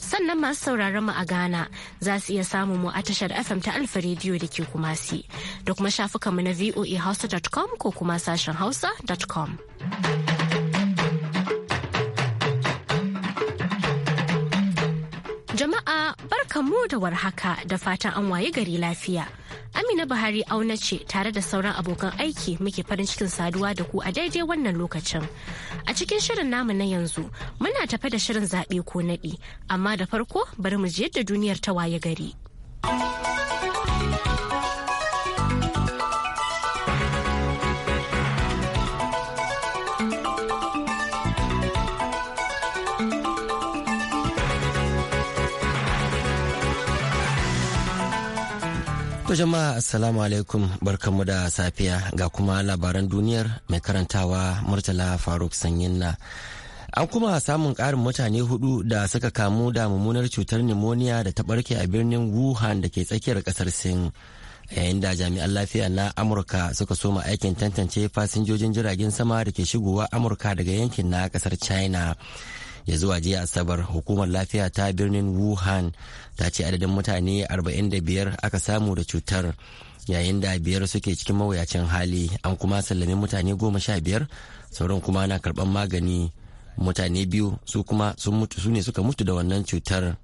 sannan masu sauraron mu a Ghana za su iya samun mu a tashar FM ta Alfa Radio da ke Kumasi da kuma shafukanmu na voahausa.com ko kuma sashen hausa.com. Jama'a mu da warhaka da fatan an waye gari lafiya. Amina Buhari auna ce tare da sauran abokan aiki muke farin cikin saduwa da ku a daidai wannan lokacin. A cikin shirin namu na yanzu muna tafe da shirin zaɓe ko naɗi amma da farko bari mu je yadda duniyar ta waye gari. To jama'a assalamu alaikum barkamu da safiya ga kuma labaran duniyar mai karantawa Murtala Faruk Sanyin na. An kuma samun karin mutane hudu da suka kamu da mummunar cutar pneumonia da ta barke a birnin Wuhan da ke tsakiyar kasar Sin. Yayin da jami'an lafiya na Amurka suka soma aikin tantance fasinjojin jiragen sama da ke shigowa Amurka daga yankin na kasar China. ya zuwa jiya asabar hukumar lafiya ta birnin wuhan ta ce adadin mutane 45 aka samu da cutar yayin da biyar suke cikin mawuyacin hali an kuma sallame mutane goma sha sauran kuma na karban magani mutane biyu su kuma sun mutu su ne suka mutu da wannan cutar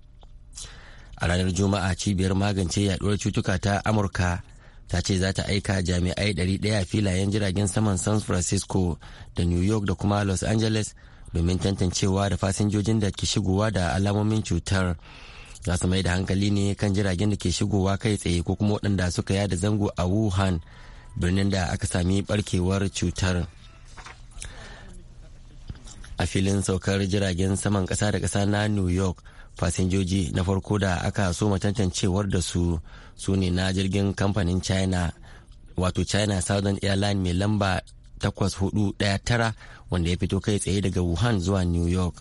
a ranar juma'a cibiyar magance yaduwar cutuka ta amurka ta ce za ta aika jami'ai 100 filayen jiragen saman san francisco da new york da kuma los angeles domin tantancewa da fasinjojin da ke shigowa da alamomin cutar za su mai da hankali ne kan jiragen da ke shigowa kai tsaye ko kuma waɗanda suka yada zango a wuhan birnin da aka sami barkewar cutar a filin saukar jiragen saman ƙasa da ƙasa na new york fasinjoji na farko da aka soma tantancewar da su su ne na jirgin kamfanin china wato china southern airline mai lamba tara wanda ya fito kai tsaye daga Wuhan zuwa New York.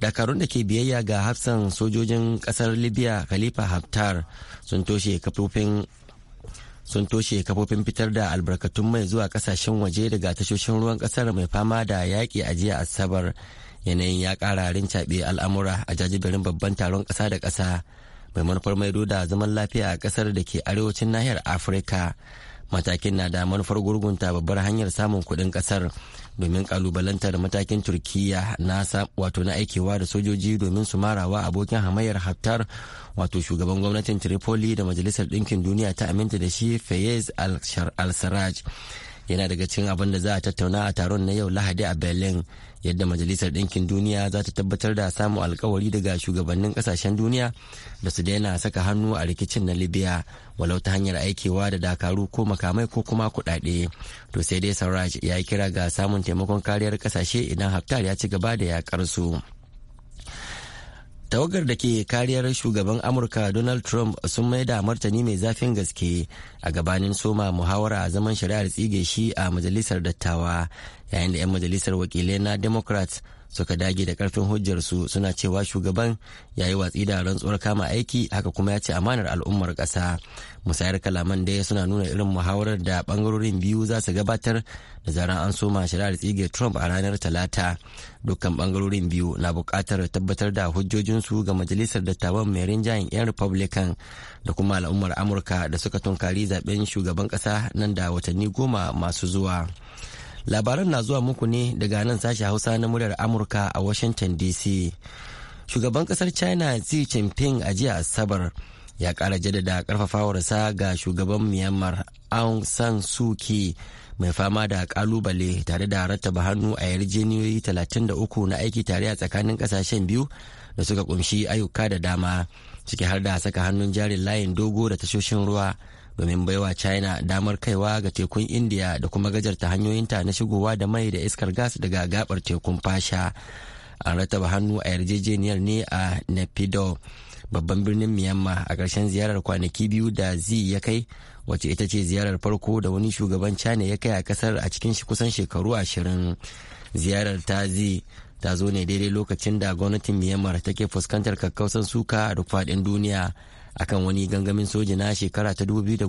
Dakarun da ke biyayya ga hafsan sojojin kasar Libya Khalifa Haftar sun toshe kafofin sun toshe kafofin fitar da albarkatun mai zuwa kasashen waje daga tashoshin ruwan kasar mai fama da yaƙi a jiya asabar yanayin ya ƙara rincaɓe al'amura a jajibirin babban taron ƙasa da ƙasa mai manufar maido da zaman lafiya a ƙasar da ke arewacin nahiyar afirka matakin na da manufar gurgunta babbar hanyar samun kuɗin ƙasar domin kalubalantar matakin turkiya na wato na aikewa da sojoji domin su marawa abokin hamayar haftar wato shugaban gwamnatin tripoli da majalisar ɗinkin duniya ta aminta da shi fayez al-sarraj yana daga cikin abin da za a tattauna a taron na yau lahadi a berlin yadda majalisar ɗinkin duniya za ta tabbatar da samun alkawari daga shugabannin ƙasashen duniya da su daina saka hannu a rikicin na libya walau ta hanyar aikewa da dakaru ko makamai ko kuma kuɗaɗe to sai dai sauraj ya yi kira ga samun taimakon kariyar ƙasashe idan haftar ya ci gaba da yakar su. tawagar da ke kariyar shugaban amurka donald trump sun mai da martani mai zafin gaske a gabanin soma muhawara a zaman shari'ar tsige shi a majalisar dattawa yayin da 'yan majalisar wakilai na democrats suka dage da karfin hujjarsu suna cewa shugaban ya yi watsi da rantsuwar kama aiki haka kuma ya ce amanar al'ummar ƙasa musayar kalaman dai suna nuna irin muhawarar da bangarorin biyu za su gabatar da zaran an soma shari'ar tsige trump a ranar talata dukkan bangarorin biyu na buƙatar tabbatar da hujjojinsu ga majalisar dattawan mai rinjayen 'yan republican da kuma al'ummar amurka da suka tunkari zaben shugaban ƙasa nan da watanni goma masu zuwa. labaran na zuwa muku ne daga nan sashi hausa na muryar amurka a washington dc shugaban kasar china xi jinping a jiya asabar ya kara jaddada karfafawarsa ga shugaban myanmar aung san suu mai fama da kalubale tare da rattaba hannu a yarjejeniyoyi 33 na aiki tare a tsakanin kasashen biyu da suka kumshi ayyuka da dama ciki har da saka hannun jarin layin dogo da tashoshin ruwa domin baiwa china damar kaiwa ga tekun india da kuma gajarta hanyoyinta na shigowa da mai da iskar gas daga gabar tekun fasha an rataba hannu a yarjejeniyar ne a nepido babban birnin myanmar a ƙarshen ziyarar kwanaki biyu da zi ya kai wacce ita ce ziyarar farko da wani shugaban china ya kai a kasar a cikin kusan shekaru ashirin ziyarar ta zi ta zo ne daidai lokacin da gwamnatin myanmar take fuskantar kakkausan suka a duk faɗin duniya akan wani gangamin soja na shekara ta 2017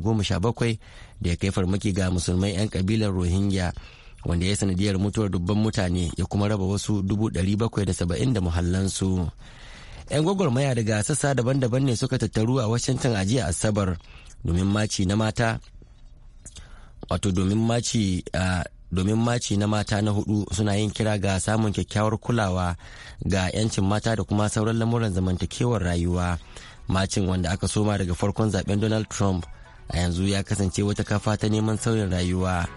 da ya kai farmaki ga musulmai 'yan kabilar rohingya wanda ya sanadiyar mutuwar dubban mutane ya kuma raba wasu 770 da muhallansu. 'yan gwagwarmaya daga sassa daban-daban ne suka tattaru a washington a asabar domin maci na mata wato domin maci domin maci na mata na hudu suna yin kira ga samun kyakkyawar kulawa ga 'yancin mata da kuma sauran lamuran zamantakewar rayuwa macin wanda aka soma daga farkon zaben donald trump a yanzu ya kasance wata kafa ta neman sauyin rayuwa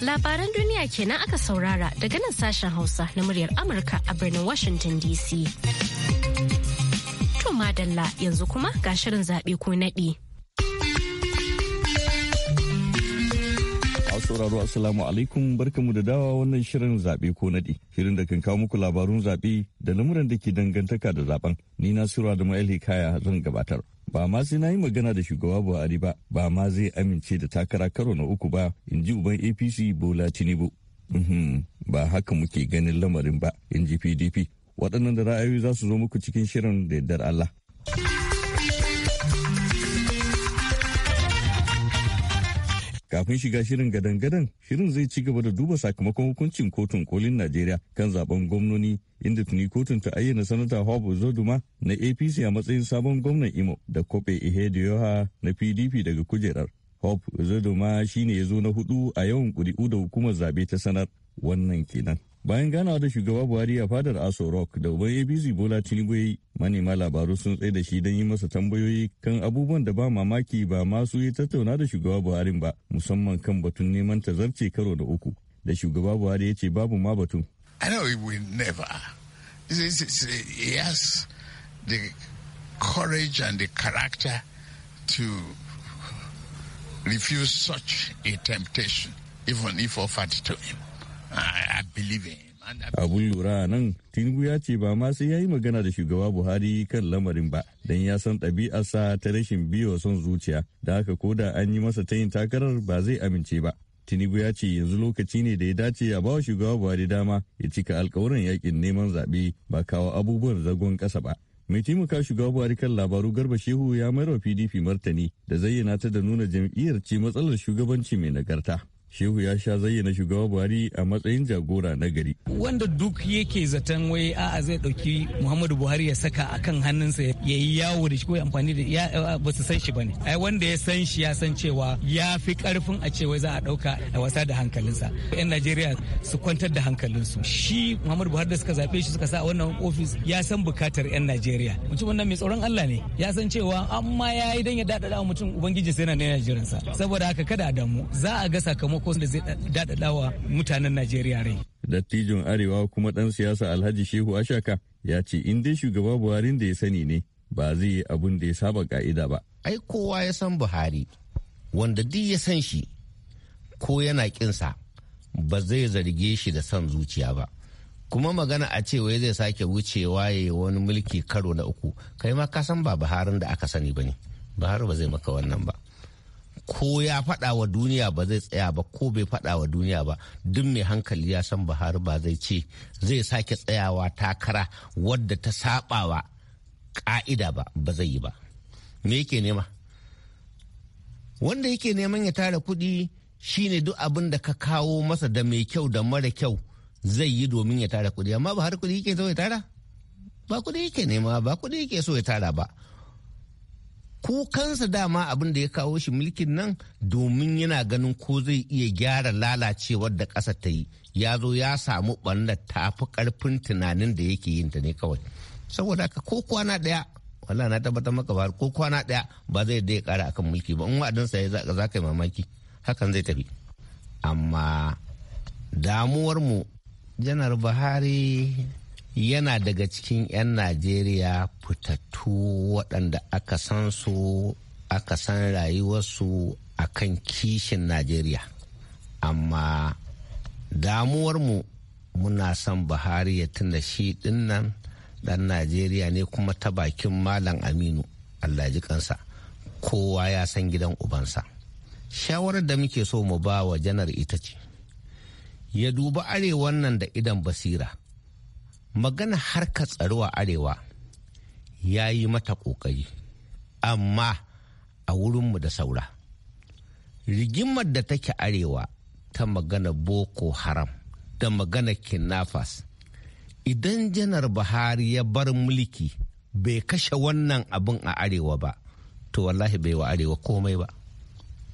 labaran duniya kenan aka saurara daga nan sashen hausa na muryar amurka a birnin washington dc madalla yanzu kuma ga shirin zaɓe ko naɗi. sauraro assalamu alaikum barkamu da dawa wannan shirin zaɓe ko naɗi shirin da kan kawo muku labarun zaɓe da lamuran da ke dangantaka da zaɓen ni na sura da kaya zan gabatar ba ma sai na yi magana da shugaba buhari ba ba ma zai amince da takara karo na uku ba in ji uban apc bola tinubu uhm, ba haka muke ganin lamarin ba in ji pdp waɗannan da ra'ayoyi za su zo muku cikin shirin da yardar Allah. Kafin shiga shirin gadan-gadan, shirin zai ci gaba da duba sakamakon hukuncin kotun kolin Najeriya kan zaben gwamnoni inda tuni kotun ta ayyana sanata Hobo Zoduma na APC a matsayin sabon gwamnan Imo da Kobe na PDP daga kujerar. Hope Zoduma shine ya zo na hudu a yawan kuri'u da hukumar zabe ta sanar wannan kenan. bayan ganawa da shugaba buhari a fadar aso rock da uban abc bola tinubu ya yi manema labaru sun tsaye da shi don yi masa tambayoyi kan abubuwan da ba mamaki ba masu yi tattauna da shugaba buhari ba musamman kan batun neman ta zarce karo da uku da shugaba buhari ya ce babu ma batun i know it will never he has the courage and the character to refuse such a temptation even if offered to him I, abun lura nan tinubu ya ce ba ma sai ya yi magana da shugaba buhari kan lamarin ba don ya san ɗabi'arsa ta rashin biyo son zuciya da haka ko da an yi masa tayin takarar ba zai amince ba tinubu ya ce yanzu lokaci ne da ya dace a bawa shugaba buhari dama ya cika alkawuran yakin neman zaɓe ba kawo abubuwan zagon ƙasa ba mai taimaka shugaba buhari kan labaru garba shehu ya mayar wa pdp martani da zayyana ta da nuna jam'iyyar ce matsalar shugabanci mai nagarta Shehu ya sha zayyana shugaba Buhari a matsayin jagora na gari. Wanda duk yake zaton wai a'a zai ɗauki Muhammadu Buhari ya saka a kan hannunsa ya yi yawo da shi ko amfani da ya ba su san shi bane. Ai wanda ya san shi ya san cewa ya fi karfin a wai za a ɗauka a wasa da hankalinsa. 'Yan Najeriya su kwantar da hankalinsu. Shi Muhammadu Buhari da suka zaɓe shi suka sa a wannan ofis ya san bukatar 'yan Najeriya. Mutum wannan mai tsoron Allah ne. Ya san cewa amma ya yi don ya daɗaɗa mutum Ubangiji sai na Najeriyansa. Saboda haka kada a damu za a ga sakamako sakamako da zai daɗaɗawa mutanen Najeriya rai. Dattijon Arewa kuma ɗan siyasa Alhaji Shehu Ashaka ya ce in dai shugaba Buhari da ya sani ne ba zai yi abun da ya saba ka'ida ba. Ai kowa ya san Buhari wanda duk ya san shi ko yana kinsa ba zai zarge shi da san zuciya ba. kuma magana a ce wai zai sake wucewa ya yi wani mulki karo na uku kai ma ka san ba buharin da aka sani ba ne bahar ba zai maka wannan ba ko ya faɗa wa duniya ba zai tsaya ba ko bai faɗa wa duniya ba duk mai hankali ya san buhari ba zai ce zai sake tsayawa takara wadda ta saɓawa ƙa'ida ba ba zai yi ba me yake nema wanda yake neman ya tara kuɗi shine duk abin da ka kawo masa da mai kyau da mara kyau zai yi domin ya tara kuɗi amma buhari kuɗi yake so ya tara ba kuɗi yake nema ba kuɗi yake so ya tara ba kukansa dama abin da ya kawo shi mulkin nan domin yana ganin ko zai iya gyara lalacewar da ƙasa ta yi ya zo ya samu ɓannar tafi ƙarfin tunanin da yake yin ta ne kawai saboda haka ko kwana ɗaya wala na tabbatar maka ba ko kwana ɗaya ba zai da ya ƙara akan mulki ba in wa'adinsa ya za ka yi mamaki hakan zai tafi amma damuwar mu janar buhari yana daga cikin 'yan najeriya fitattu waɗanda aka san su aka san rayuwarsu a kan kishin najeriya amma damuwar mu muna son buhari ya tuna shi dinnan ɗan najeriya ne kuma ta bakin malam aminu allah kansa kowa ya san gidan ubansa shawarar da muke so mu ba wa janar ita ce ya duba arewan nan da idan basira magana harka tsaro a arewa ya yi mata ƙoƙari amma a wurinmu da saura rigimar da take arewa ta magana boko haram da magana kinnafas idan janar buhari ya bar mulki bai kashe wannan abin a arewa ba to wallahi bai wa arewa komai ba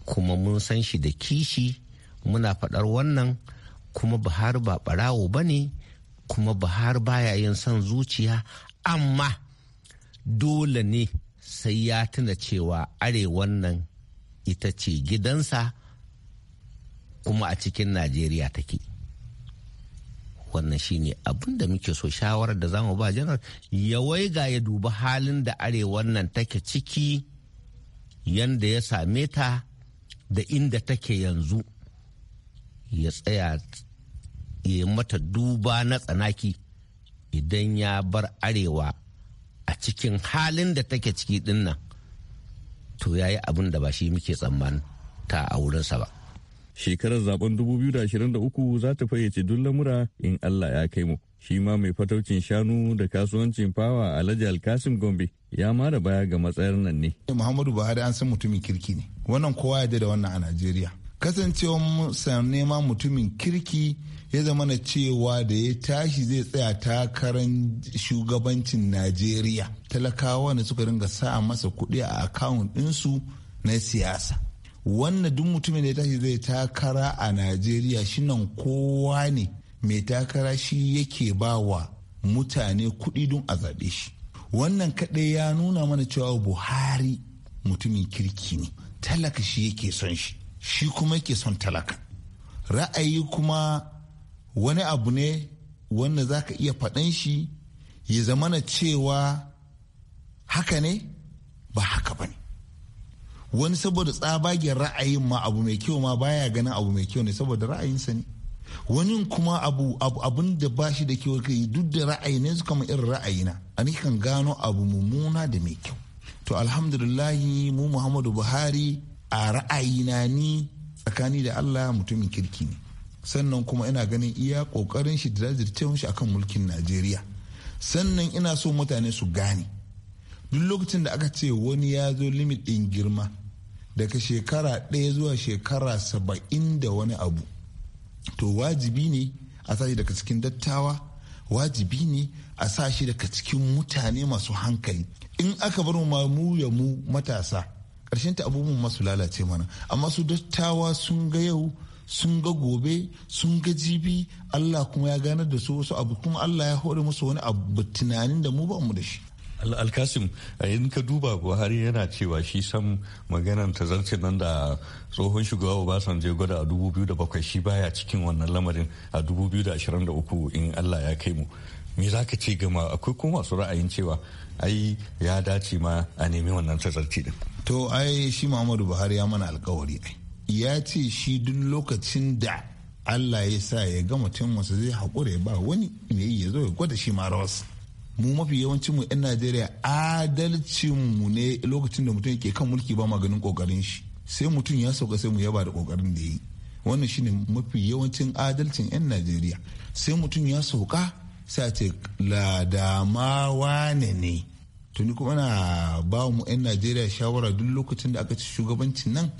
kuma mun san shi da kishi muna faɗar wannan kuma buhari ba ɓarawo ba ne kuma buhari baya yin son zuciya amma dole ne sai ya tuna cewa arewan nan ita ce gidansa kuma a cikin najeriya take wannan shine abin da muke so shawarar da zamu ba janar Yawaiga ga ya dubi halin da arewan nan take ciki yanda ya same ta da inda take yanzu ya tsaya ya mata duba na tsanaki idan ya bar arewa a cikin halin da take ciki dinnan to ya yi abin da ba shi muke tsammani ta a wurinsa ba. Shekarar zaben 2023 za ta fayyace duk lamura in Allah ya kai mu. Shi ma mai fataucin shanu da kasuwancin fawa Alhaji Alkasim Gombe ya mara baya ga matsayar nan ne. Muhammadu Buhari an san mutumin kirki ne. Wannan kowa ya da wannan a Najeriya. Kasancewa mu ma mutumin kirki ya zama na cewa da ya tashi zai tsaya takarar shugabancin najeriya talakawa ne suka ringa sa masa kuɗi a akawun ɗinsu na siyasa wannan duk mutumin da ya tashi zai takara a najeriya shi nan kowa ne mai takara shi yake ba wa mutane kuɗi don a zaɓe shi wannan kaɗai ya nuna mana cewa buhari mutumin kirki ne talaka shi yake son shi shi kuma yake son talaka ra'ayi kuma wani abu ne wanda za ka iya faɗan shi ya na cewa haka ne ba haka ba ne wani saboda tsabagen ra'ayin ma abu mai kyau ma baya ganin abu mai kyau ne saboda ra'ayinsa ne wani kuma abu abun da ba shi da kyau kai duk da ra'ayi ne su kama irin ra'ayina a kan gano abu mummuna da mai kyau to alhamdulillahi mu muhammadu buhari a ra'ayina ni tsakani da allah mutumin kirki ne sannan kuma ina ganin iya kokarin shi da jajirce shi akan mulkin najeriya sannan ina so mutane su gane duk lokacin da aka ce wani ya zo limit ɗin girma daga shekara ɗaya zuwa shekara saba'in da wani abu to wajibi ne a sashi daga cikin dattawa wajibi ne a sashi daga cikin mutane masu hankali in aka bar mu ya mu matasa ƙarshen ta abubuwan masu lalace mana amma su dattawa sun ga yau sun ga gobe sun ga jibi Allah kuma ya ganar da su wasu abu kuma Allah ya hore musu wani abu tunanin da mu ba mu da shi alkasim in ka duba buhari yana cewa shi san maganar tazarcin nan da tsohon shugaba je gwada a 2007 shi baya cikin wannan lamarin a 2023 in allah ya kai mu me za ka ce gama akwai kuma masu ra'ayin cewa ai ya dace ma a nemi wannan tazarci din to ai shi muhammadu buhari ya mana alkawari ai ya ce shi duk lokacin da Allah ya sa ya ga mutum wasu zai haƙura ya ba wani me ya zo ya gwada shi ma rawas mu mafi yawancin mu 'yan Najeriya adalcin mu ne lokacin da mutum ke kan mulki ba maganin kokarin shi sai mutum ya sauka sai mu yaba da kokarin da yi wannan shine mafi yawancin adalcin 'yan Najeriya sai mutum ya sauka sai ce ladamawa ne ne tuni kuma na ba mu 'yan Najeriya shawara duk lokacin da aka ci shugabancin nan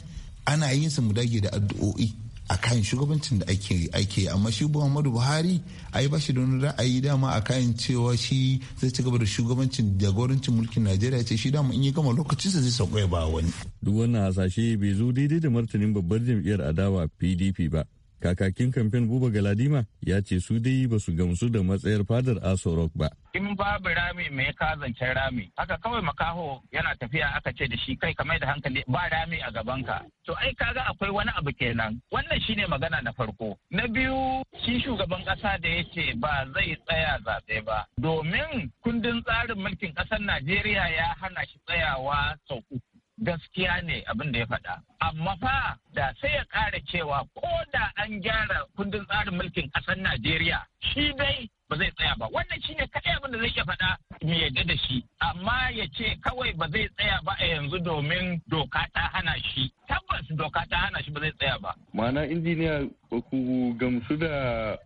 ana yin sa mu dage da addu'o'i a kayan shugabancin da ake ake amma shi Muhammadu Buhari ai ba shi da wani ra'ayi dama akan cewa shi zai ci gaba da shugabancin jagorancin mulkin Najeriya ce shi dama in yi gama lokacin su zai sauƙa ya ba wani duk wannan hasashe bai zo daidai da martanin babbar jam'iyyar adawa PDP ba kakakin kamfen buba galadima ya ce su dai ba su gamsu da matsayar fadar aso rock ba in babu rami mai zancen rami haka kawai makaho yana tafiya aka ce da shi kai kamar da hankali ba rami a gabanka to ai kaga akwai wani abu kenan wannan shine magana na farko na biyu shi shugaban kasa da ya ce ba zai tsaya zaɓe ba domin kundin tsarin mulkin ƙasar najeriya ya hana shi tsayawa sau uku gaskiya ne abin da ya faɗa. Amma fa da sai ya ƙara cewa ko da an gyara kundin tsarin mulkin ƙasar Najeriya shi dai ba zai tsaya ba wannan shi ne kaɗai abin da zai iya faɗa mu yadda da shi amma ya ce kawai ba zai tsaya ba a yanzu domin doka ta hana shi tabbas doka ta hana shi ba zai tsaya ba ma'ana injiniya ba ku gamsu da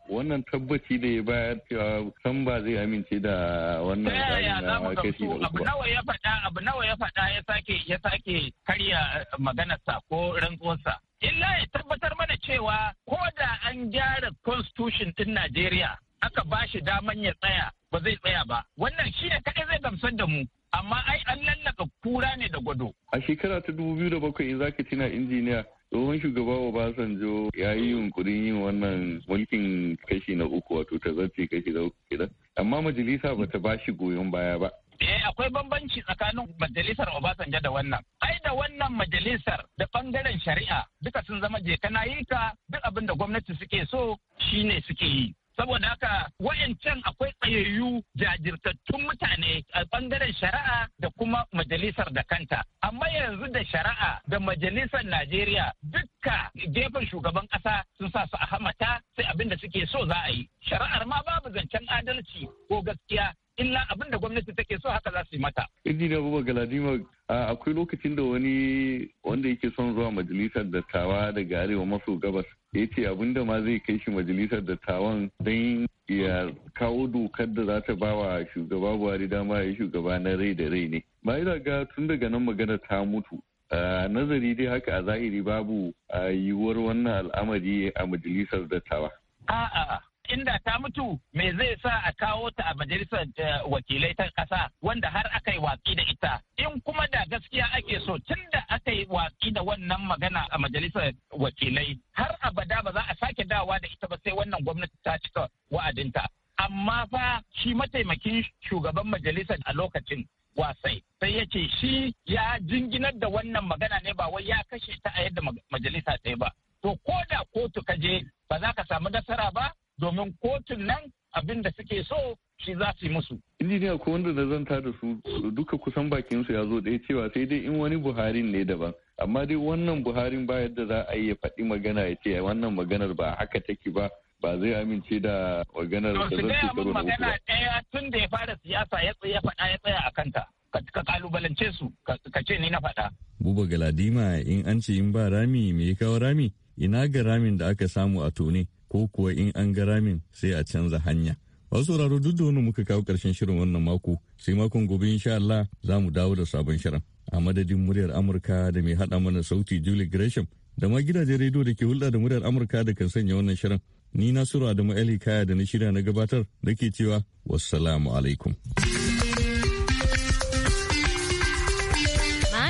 wannan tabbaci da ya bayar cewa san ba zai amince da wannan tsari na kashi da abu nawa ya faɗa abu nawa ya faɗa ya sake ya sake karya eh, maganarsa ko rantsuwarsa illa ya tabbatar mana cewa ko da an gyara constitution din Najeriya aka ba shi daman ya tsaya ba zai tsaya ba wannan shi ne kaɗai zai gamsar da mu amma ai an lallaka kura ne da gwado. A shekara ta dubu biyu da bakwai za ka tina injiniya tsohon shugaba Obasanjo ya yi yunkurin yin wannan mulkin kashi na uku wato ta zarce kashi da uku kenan amma majalisa ba ta ba shi goyon baya ba. Eh akwai bambanci tsakanin majalisar Obasanjo da wannan. Ai da wannan majalisar da bangaren shari'a duka sun zama je kana yi ka duk abin da gwamnati suke so shine suke yi. saboda haka wayancan akwai tsayayyu jajirtattun mutane a bangaren shari'a da kuma majalisar da kanta amma yanzu da shari'a da majalisar najeriya dukka gefen shugaban kasa sun sa su a hamata sai abin da suke so za a yi shari'ar ma babu zancen adalci ko gaskiya illa abin da gwamnati take so haka za su yi mata. Injiniya Buba Galadima akwai lokacin da wani wanda yake son zuwa majalisar dattawa daga arewa maso gabas ya ce abin da ma zai kai shi majalisar dattawan don ya kawo dokar da za ta ba wa shugaba Buhari dama ya shugaba na rai da rai ne. Ba yi ga tun daga nan magana ta mutu. nazari dai haka a zahiri babu yiwuwar wannan al'amari a majalisar dattawa. A'a inda ta mutu me zai sa a kawo ta a majalisar eh, wakilai ta kasa wanda har aka yi watsi da ita in kuma da gaskiya ake so tun da aka yi watsi da wannan magana a majalisar wakilai har abada ba za a sake dawa da ita ba sai wannan gwamnati ta cika wa'adinta amma fa shi mataimakin shugaban majalisar a lokacin wasai sai ya shi ya jinginar da wannan magana ne ba wai ya kashe ta a yadda majalisa ɗaya ba to ko da kotu ka je ba za ka samu nasara ba domin kotun nan abin da suke so shi za su yi musu. Injiniya ko wanda da zanta da su duka kusan bakin su ya zo ɗaya cewa sai dai in wani Buhari ne daban. Amma dai wannan Buhari ba yadda za a yi ya faɗi magana ya ce wannan maganar ba haka take ba ba zai amince da maganar da zai ce karo na magana ɗaya tun da ya fara siyasa ya tsaya faɗa ya tsaya a kanta. Ka kalubalance su ka ce ni na faɗa. Buba Galadima in an ce in ba rami me ya kawo rami ina ga ramin da aka samu a tone. ko kuwa in an ga ramin sai a canza hanya. wasu sauraro duk da wani muka kawo ƙarshen shirin wannan mako sai makon gobe insha Allah za mu dawo da sabon shirin. A madadin muryar Amurka da mai haɗa mana sauti Julie Gresham da ma gidajen rediyo da ke hulɗa da muryar Amurka da kan sanya wannan shirin. Ni Nasiru Adamu Ali Kaya da na shirya na gabatar da ke cewa wassalamu alaikum.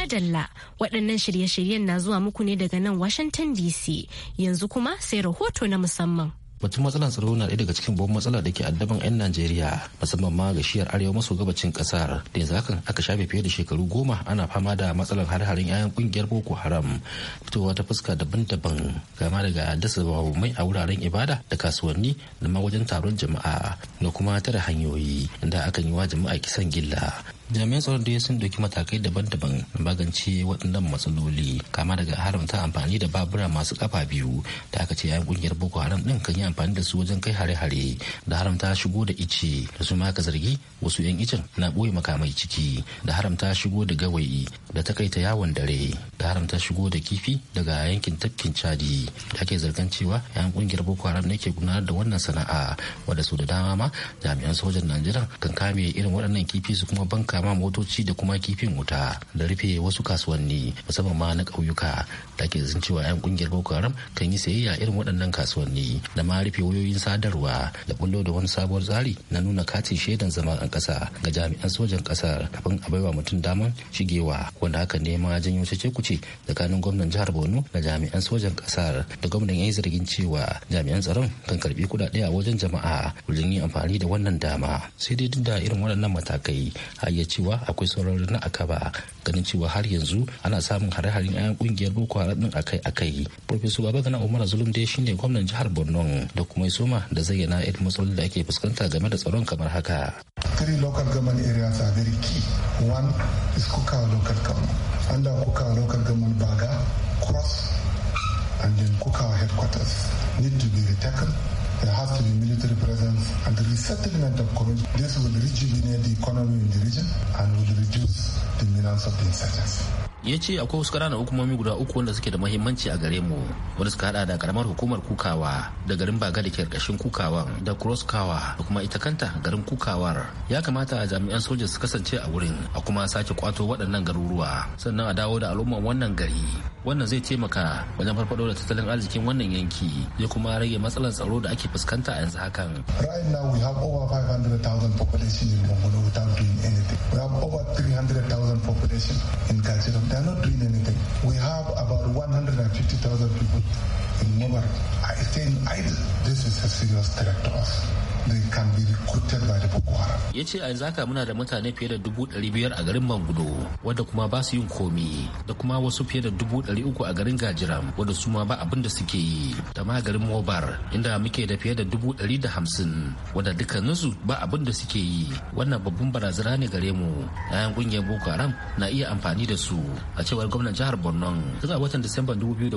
dalla waɗannan shirye-shiryen na zuwa muku ne daga nan Washington DC yanzu kuma sai rahoto na musamman. batun matsalar tsaro na ɗaya daga cikin babban matsala da ke addaban 'yan najeriya musamman ma ga shiyar arewa maso gabacin ƙasar da yanzu hakan aka shafe fiye da shekaru goma ana fama da matsalar har-harin 'ya'yan ƙungiyar boko haram fitowa ta fuska daban-daban kama daga dasa mai a wuraren ibada da kasuwanni da ma wajen taron jama'a da kuma tare hanyoyi da akan yi wa jama'a kisan gilla jami'an tsaron da sun ɗauki matakai daban-daban na magance waɗannan matsaloli kama daga haramta amfani da babura masu kafa biyu da aka ce yayin kungiyar boko haram ɗin kan yi amfani da su wajen kai hare-hare da haramta shigo da ice da su ka zargi wasu 'yan icen na ɓoye makamai ciki da haramta shigo da gawayi da takaita yawon dare da haramta shigo da kifi daga yankin tafkin chadi da ake zargan cewa yayin kungiyar boko haram ne ke gudanar da wannan sana'a wadda su da dama ma jami'an sojan najeriya kan kame irin waɗannan kifi su kuma banka kama motoci da kuma kifin wuta da rufe wasu kasuwanni musamman ma na ƙauyuka da ke zan cewa 'yan ƙungiyar boko haram kan yi sayayya irin waɗannan kasuwanni da ma rufe wayoyin sadarwa da bullo da wani sabuwar tsari na nuna katin shaidan zama a ƙasa ga jami'an sojan ƙasar kafin a baiwa mutum damar shigewa wanda haka ne ma janyo cece kuce tsakanin gwamnan jihar borno da jami'an sojan ƙasar da gwamnan ya yi zargin cewa jami'an tsaron kan karbi kuɗaɗe a wajen jama'a wajen yin amfani da wannan dama sai dai duk da irin waɗannan matakai har cewa akwai sauran na akaba ganin cewa har yanzu ana samun hare-haren 'yan kungiyar boko haram din akai-akai professor babagana umar zulum dai shine gwamnan jihar borno da kuma isoma da zayyana irin matsalolin da ake fuskanta game da tsaron kamar haka three local government areas are very key one is kukawa local government under kukawa local government baga cross and then kukawa headquarters need to be retaken There has to be military presence and the resettlement of communities. This will rejuvenate the economy in the region and will reduce the menace of the insurgency. ya ce akwai wasu ƙananan hukumomi guda uku wanda suke da mahimmanci a gare mu wanda suka hada da karamar hukumar kukawa da garin baga da ke ƙarshen kukawan da cross kawa da kuma ita kanta garin kukawar ya kamata a jami'an soja su kasance a wurin a kuma sake kwato waɗannan garuruwa sannan a dawo da al'umman wannan gari wannan zai taimaka wajen farfado da tattalin arzikin wannan yanki ya kuma rage matsalar tsaro da ake fuskanta a yanzu hakan. Right now we have over 500,000 population in Mongolia without doing anything. We have over 300,000 population in Gajiram They're not doing anything. We have about 150,000 people in Mubarak are staying idle. This is a serious threat to us. they can be recruited by Ya ce a zaka muna da mutane fiye da dubu ɗari biyar a garin Mangudo wadda kuma ba su yin komi da kuma wasu fiye da dubu ɗari uku a garin Gajiram wadda su ma ba abin da suke yi da ma garin Mobar inda muke da fiye da dubu ɗari da hamsin wadda dukkaninsu ba abin da suke yi wannan babban barazana ne gare mu yayan kungiyar Boko Haram na iya amfani da su a cewar gwamnan jihar Borno tun a watan Disamba 2019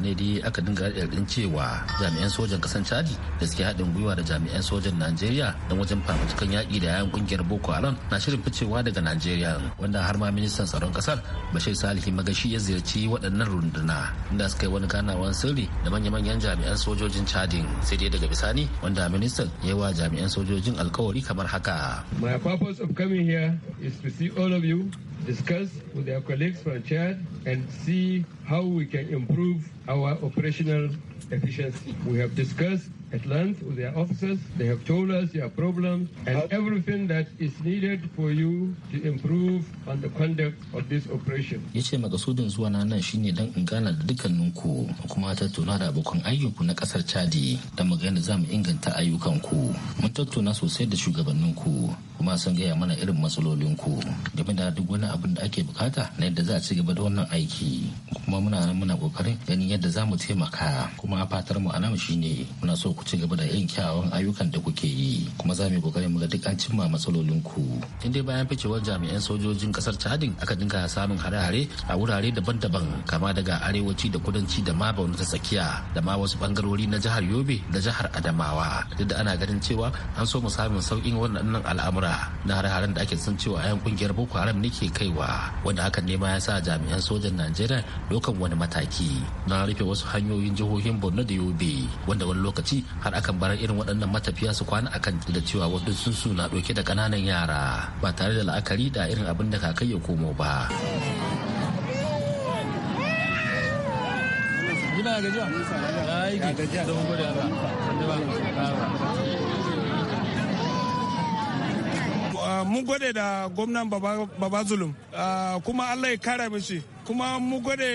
ne dai aka dinga ɗin cewa jami'an sojan kasan Chadi da suke haɗin gwiwa da jami'an sojan sojan najeriya don wajen fafutukan yaƙi da yayan kungiyar boko haram na shirin ficewa daga najeriya wanda har ma ministan tsaron kasar bashir salihi magashi ya ziyarci waɗannan runduna inda suka yi wani ganawan sirri da manya-manyan jami'an sojojin chadin sai dai daga bisani wanda ministan ya yi wa jami'an sojojin alkawari kamar haka my purpose of coming here is to see all of you discuss with their colleagues from Chad and see how we can improve our operational efficiency. We have discussed At length, with their officers, they have told us their problems and everything that is needed for you to improve on the conduct of this operation. Ya ce makasudin zuwa na nan shine dan in gana da ku kuma tattuna da abokan ayyuku na kasar Chadi da magana za mu inganta ku Mun tattauna sosai da shugabannin ku kuma sun gaya mana irin matsalolinku game da duk wani abin da ake bukata na yadda za a ci gaba da wannan aiki kuma muna muna kokarin ganin yadda za mu taimaka kuma fatar mu a nan shine muna so ku ci gaba da yin kyawawan ayyukan da kuke yi kuma za mu kokarin mu ga duk an cimma matsalolin ku in dai bayan ficewar jami'an sojojin kasar Chadin aka dinka samun hare-hare a wurare daban-daban kama daga arewaci da kudanci da ma ta tsakiya da ma wasu bangarori na jihar Yobe da jihar Adamawa duk da ana ganin cewa an so mu samun sauƙin wannan al'amura na hare-haren da ake san cewa ayan kungiyar Boko Haram ne ke kaiwa wanda hakan ne ma ya sa jami'an sojan Najeriya dokan wani mataki na rufe wasu hanyoyin jihohin Borno da Yobe wanda wani lokaci har akan bar irin waɗannan matafiya su kwana akan da cewa waɗansu su na ɗauke da ƙananan yara ba tare da la'akari da irin abin da kakai ya komo ba. Ah, mun gode da gwamnan baba zulum ah, kuma allah ya kara mishi kuma mu gwada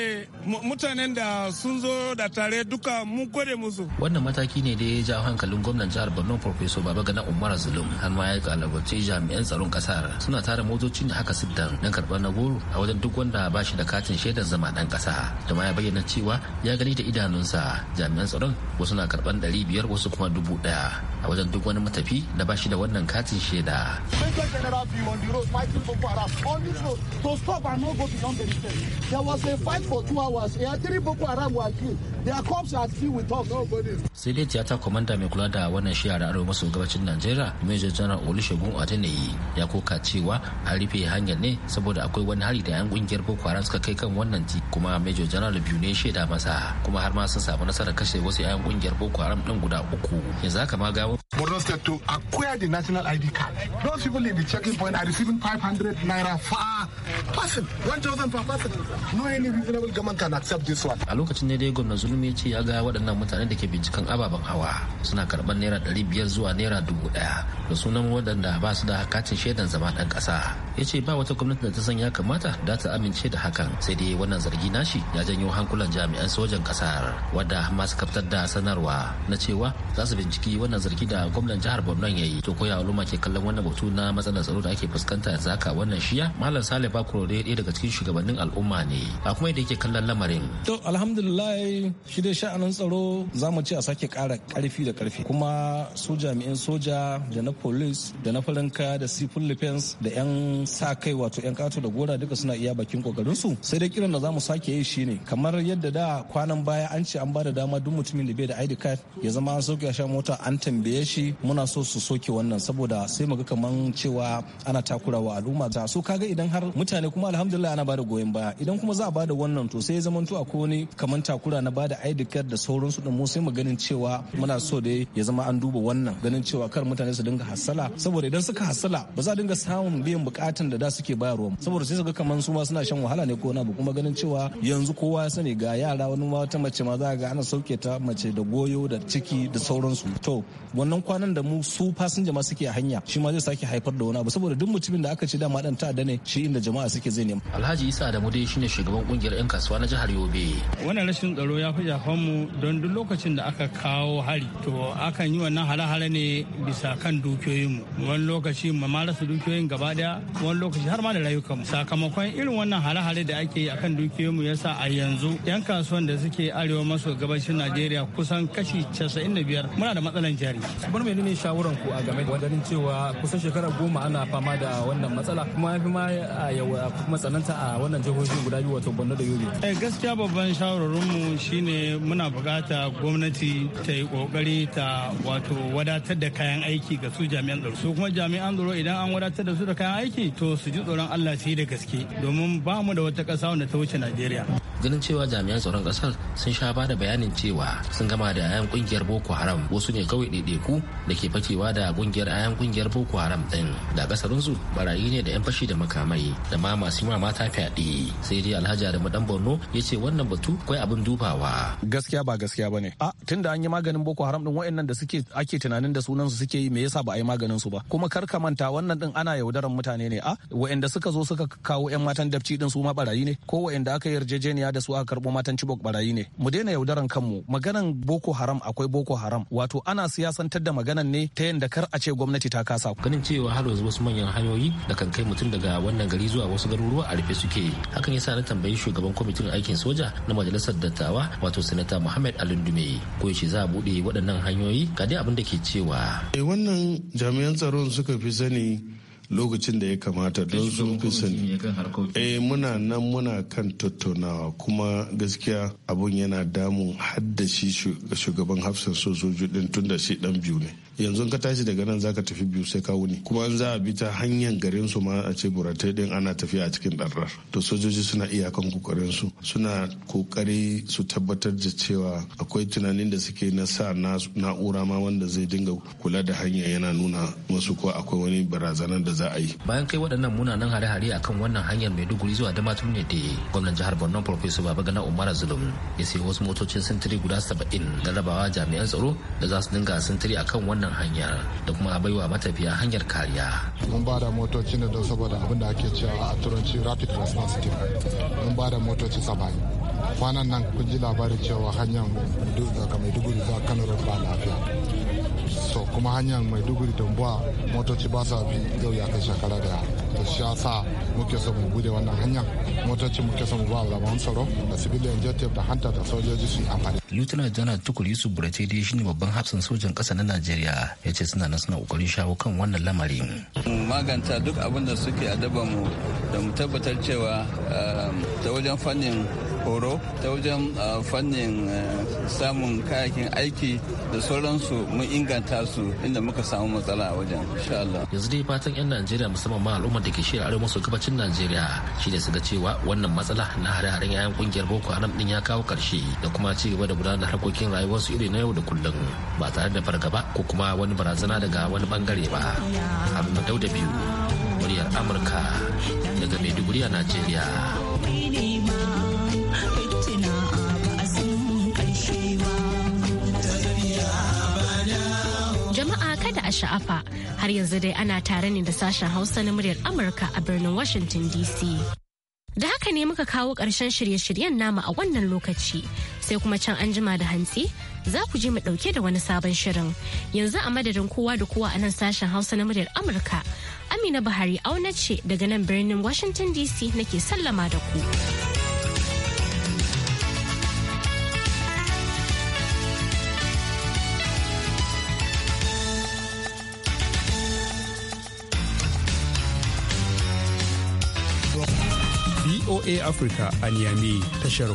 mutanen da sun zo da tare duka mu gwada musu. Wannan mataki ne da ya ja hankalin gwamnan jihar Borno Professor gana Umar Zulum har ma ya kalabace jami'an tsaron kasar suna tara motocin da haka siddan don karɓar na goro a wajen duk wanda ba shi da katin shaidar zama ɗan ƙasa da ma ya bayyana cewa ya gani da idanunsa jami'an tsaron wasu na karɓar ɗari biyar wasu kuma dubu ɗaya a wajen duk wani matafi da ba shi da wannan katin shaida. Major General Bill on the road, Michael Boko Haram, on this road, to stop and not go beyond the distance. There was a fight for two hours. Yeah, three Boko Haram were killed. Their are still with us. Nobody. Sai dai tiyata kwamanda mai kula da wannan shiya da arewa maso gabacin Najeriya, Major General Olusegun Adeniyi, ya koka cewa an rufe hanyar ne saboda akwai wani hari da 'yan kungiyar Boko Haram suka kai kan wannan ti kuma Major General biyu ne shaida masa kuma har ma sun samu nasarar kashe wasu 'yan kungiyar Boko Haram din guda uku. Yanzu haka ma gawo. Borno State to acquire the national ID card. Those people in the checking point are receiving 500 naira per person, 1,000 per person. no any reasonable government can accept this one a lokacin ne dai gwamnati zulumi ya ce ya ga waɗannan mutane da ke binciken ababen hawa suna karɓar naira ɗari biyar zuwa naira dubu ɗaya da sunan waɗanda ba su da katin shaidan zama ɗan ƙasa ya ce ba wata gwamnati da ta san ya kamata da ta amince da hakan sai dai wannan zargi nashi ya janyo hankulan jami'an sojan ƙasar wadda masu kaftar da sanarwa na cewa za su binciki wannan zargi da gwamnan jihar borno ya yi to koya aluma ke kallon wannan batu na matsalar tsaro da ake fuskanta yanzu haka wannan shiya malam sale bakurore ɗaya daga cikin shugabannin al'umma ne a kuma yadda yake kallon lamarin to alhamdulillah shi dai sha'anin tsaro za mu ce a sake kara karfi da karfi kuma su jami'in soja da na police da na farin kaya da civil defense da yan sa kai wato yan kato da gora duka suna iya bakin kokarin su sai dai kiran da za mu sake yi shine kamar yadda da kwanan baya an ce an ba da dama duk mutumin da bai da ID card ya zama an soke sha mota an tambaye shi muna so su soke wannan saboda sai mu ga kaman cewa ana takurawa al'umma ta so kaga idan har mutane kuma alhamdulillah ana ba da goyon baya idan kuma za a bada wannan to sai to akwai wani kamar takura na bada ID card da sauransu din mu sai mu ganin cewa muna so da ya zama an duba wannan ganin cewa kar mutane su dinga hasala saboda idan suka hasala ba za a dinga samun biyan bukatan da da suke bayarwa saboda sai su ga kamar su ma suna shan wahala ne ko na ba kuma ganin cewa yanzu kowa ya sani ga yara wani ma wata mace ma za ga ana sauke ta mace da goyo da ciki da sauransu to wannan kwanan da mu su fasinja ma suke a hanya shi ma zai sake haifar da wani abu saboda duk mutumin da aka ce dama dan da ne shi inda jama'a suke zai nema alhaji isa da mu dai shi shine shugaban kungiyar 'yan kasuwa na jihar Yobe. Wannan rashin tsaro ya fi shafan mu don duk lokacin da aka kawo hari to akan yi wannan hare-hare ne bisa kan dukiyoyinmu mu. Wani lokaci mu ma rasa dukiyoyin gaba daya wani lokaci har ma da rayukan mu. Sakamakon irin wannan hare-hare da ake yi kan dukiyoyinmu mu yasa a yanzu 'yan kasuwan da suke arewa maso gabashin Najeriya kusan kashi 95 muna da matsalan jari. Bar mai ne shawuran ku a game da ganin cewa kusan shekara goma ana fama da wannan matsala kuma ya fi ma kuma tsananta a wannan jihohi guda biyu wato da Yobe. Eh gaskiya babban mu shine muna bukata gwamnati ta yi kokari ta wato wadatar da kayan aiki ga su jami'an tsaro. Su kuma jami'an tsaro idan an wadatar da su da kayan aiki to su ji tsoron Allah su yi da gaske domin ba mu da wata ƙasa wanda ta wuce Najeriya. ganin cewa jami'an tsaron kasar sun sha bada bayanin cewa sun gama da 'ya'yan kungiyar boko haram wasu ne kawai ɗaiɗaiku da ke fakewa da kungiyar 'ya'yan kungiyar boko haram ɗin da kasarinsu barayi ne da 'yan fashi da makamai da ma masu ma mata fyaɗe sai dai alhaji adamu dan borno ya ce wannan batu akwai abin dubawa gaskiya ba gaskiya bane a tunda an yi maganin boko haram din wa'annan da suke ake tunanin da sunansu suke yi me yasa ba a yi maganin su ba kuma kar ka manta wannan din ana yaudaran mutane ne a wa'anda suka zo suka kawo 'yan matan dabci din su ma barayi ne ko wa'anda aka yarjejeniya da su aka karɓo matan Chibok barayi ne. Mu daina yaudaran kanmu. Maganan Boko Haram akwai Boko Haram. Wato ana siyasantar da maganan ne ta yadda kar a ce gwamnati ta kasa. Ganin cewa har yanzu wasu manyan hanyoyi da kan kai mutum daga wannan gari zuwa wasu garuruwa a rufe suke. Hakan yasa na tambayi shugaban kwamitin aikin soja na majalisar dattawa wato sanata Muhammad Alundume ko yace za a buɗe waɗannan hanyoyi ga dai abin da ke cewa. Eh, wannan jami'an tsaron suka fi sani lokacin da ya kamata don sun fi sani eh muna nan muna kan tattaunawa kuma gaskiya abun yana damun haddashi shugaban hafsan sojoji din tun da shi dan biyu ne yanzu ka tashi daga nan zaka tafi biyu sai ka wuni kuma an za a bi ta hanyar garin su ma a ce buratai din ana tafiya a cikin ɗarɗar to sojoji suna iyakan kokarin su suna kokari su tabbatar da cewa akwai tunanin da suke na sa na'ura ma wanda zai dinga kula da hanya yana nuna musu ko akwai wani barazanar da za a yi bayan kai waɗannan munanan hare-hare akan wannan hanyar maiduguri zuwa damaturu ne da gwamnan jihar borno professor babagana umar zulum ya sayi wasu motocin sintiri guda saba'in da rabawa jami'an tsaro da za su dinga sintiri akan wannan wannan hanyar da kuma baiwa matafiya hanyar kariya. Mun ba da motoci ne don saboda abin da ake cewa a turanci rapid response team. Mun ba da motoci saba'in. Kwanan nan kun ji labarin cewa hanyar daga Maiduguri zuwa Kano ba lafiya. So kuma hanyar Maiduguri ba motoci ba sa bi yau ya kai shekara da da shi yasa muke so mu bude wannan hanyar motoci muke so mu ba alaman tsaro da civilian jet da hanta da sojoji su amfani. lieutenant general tukur yusuf buratai dai shine babban hafsan sojan kasa na najeriya ya ce suna nan suna kokarin shawo kan wannan lamarin. maganta duk abin da suke a mu da mu tabbatar cewa eh, ta wajen fannin horo ta wajen uh, fannin uh, samun kayakin aiki da sauransu mun inganta su inda muka samu matsala a wajen yanzu dai fatan yan Najeriya musamman ma al'ummar da ke shirya arewa maso gabacin Najeriya shine su ga cewa wannan matsala na hare-haren yayan kungiyar Boko Haram din ya kawo karshe da kuma ci gaba da gudanar harkokin rayuwarsu irin na yau da kullum ba tare da fargaba ko kuma wani barazana daga wani bangare ba dau Dauda biyu muryar Amurka daga Maiduguri a Najeriya. sha'afa har yanzu dai ana tare ne da sashen hausa na muryar amurka a birnin washington dc da haka ne muka kawo ƙarshen shirye-shiryen nama a wannan lokaci sai kuma can an jima da hantsi za ku je mu ɗauke da wani sabon shirin yanzu a madadin kowa da kowa a nan sashen hausa na muryar amurka amina buhari auna ce daga nan birnin washington dc nake sallama da ku. voa africa a Niamey tashar